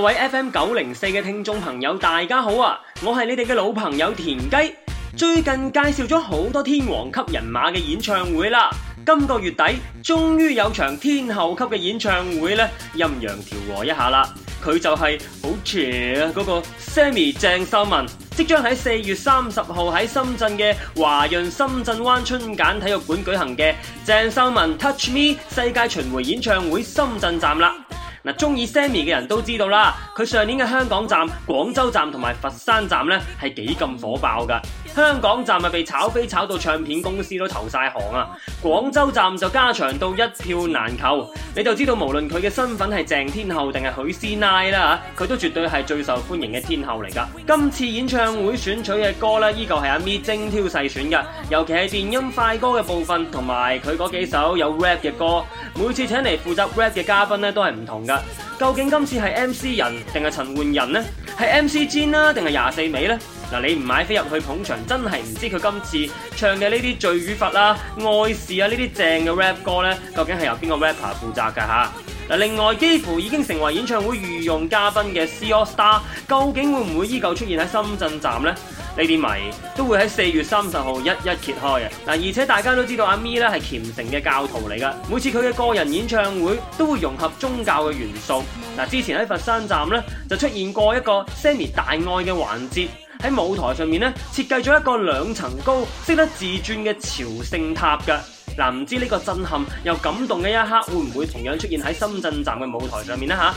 各位 FM 九零四嘅聽眾朋友，大家好啊！我係你哋嘅老朋友田雞，最近介紹咗好多天王級人馬嘅演唱會啦。今個月底終於有場天后級嘅演唱會呢，陰陽調和一下啦。佢就係好邪啊嗰個 Sammy 鄭秀文，即將喺四月三十號喺深圳嘅華潤深圳灣春繭體育館舉行嘅鄭秀文 Touch Me 世界巡迴演唱會深圳站啦。中意 Sammi 嘅人都知道啦，佢上年嘅香港站、廣州站同埋佛山站咧，係幾咁火爆㗎。香港站咪被炒飛，炒到唱片公司都投晒行啊！廣州站就加長到一票難求，你就知道無論佢嘅身份係鄭天后定係許師奶啦，佢都絕對係最受歡迎嘅天后嚟噶。今次演唱會選取嘅歌呢，依舊係阿咪精挑細選噶，尤其係電音快歌嘅部分，同埋佢嗰幾首有 rap 嘅歌，每次請嚟負責 rap 嘅嘉賓呢，都係唔同噶。究竟今次係 MC 仁定係陳奐仁呢？係 MC Jin 啦，定係廿四味呢？嗱，你唔買飛入去捧場，真係唔知佢今次唱嘅呢啲《罪與罰》啦，《愛事》啊呢啲正嘅 rap 歌咧，究竟係由邊個 rapper 負責嘅嚇？嗱，另外幾乎已經成為演唱會御用嘉賓嘅 C AllStar，究竟會唔會依舊出現喺深圳站呢？呢啲謎都會喺四月三十號一一揭開嘅。嗱，而且大家都知道阿咪咧係虔誠嘅教徒嚟噶，每次佢嘅個人演唱會都會融合宗教嘅元素。嗱，之前喺佛山站呢就出現過一個 Sammy 大愛嘅環節。喺舞台上面咧，設計咗一個兩層高、識得自轉嘅朝聖塔噶，嗱，唔知呢個震撼又感動嘅一刻，會唔會同樣出現喺深圳站嘅舞台上面呢？吓？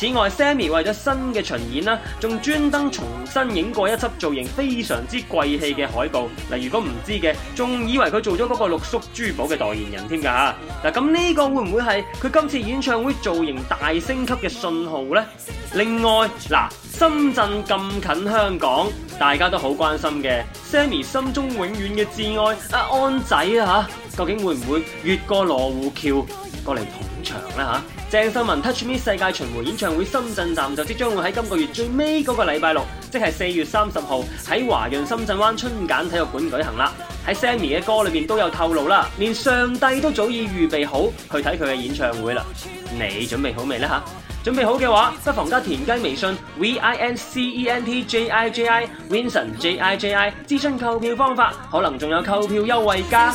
此外，Sammy 為咗新嘅巡演啦，仲專登重新影過一輯造型非常之貴氣嘅海報。嗱，如果唔知嘅，仲以為佢做咗嗰個六叔珠寶嘅代言人添噶吓。嗱、啊，咁呢個會唔會係佢今次演唱會造型大升級嘅信號呢？另外，嗱、啊，深圳咁近香港，大家都好關心嘅，Sammy 心中永遠嘅摯愛阿、啊、安仔啊，究竟會唔會越過羅湖橋過嚟捧場呢、啊？吓？鄭秀文 Touch Me 世界巡迴演唱會深圳站就即將會喺今個月最尾嗰個禮拜六，即係四月三十號喺華潤深圳灣春繭體育館舉行啦。喺 Sammy 嘅歌裏面都有透露啦，連上帝都早已預備好去睇佢嘅演唱會啦。你準備好未呢？吓？準備好嘅話，不妨加田雞微信 v i n c e n t j i j i winson j i j i 諮詢購票方法，可能仲有購票優惠價。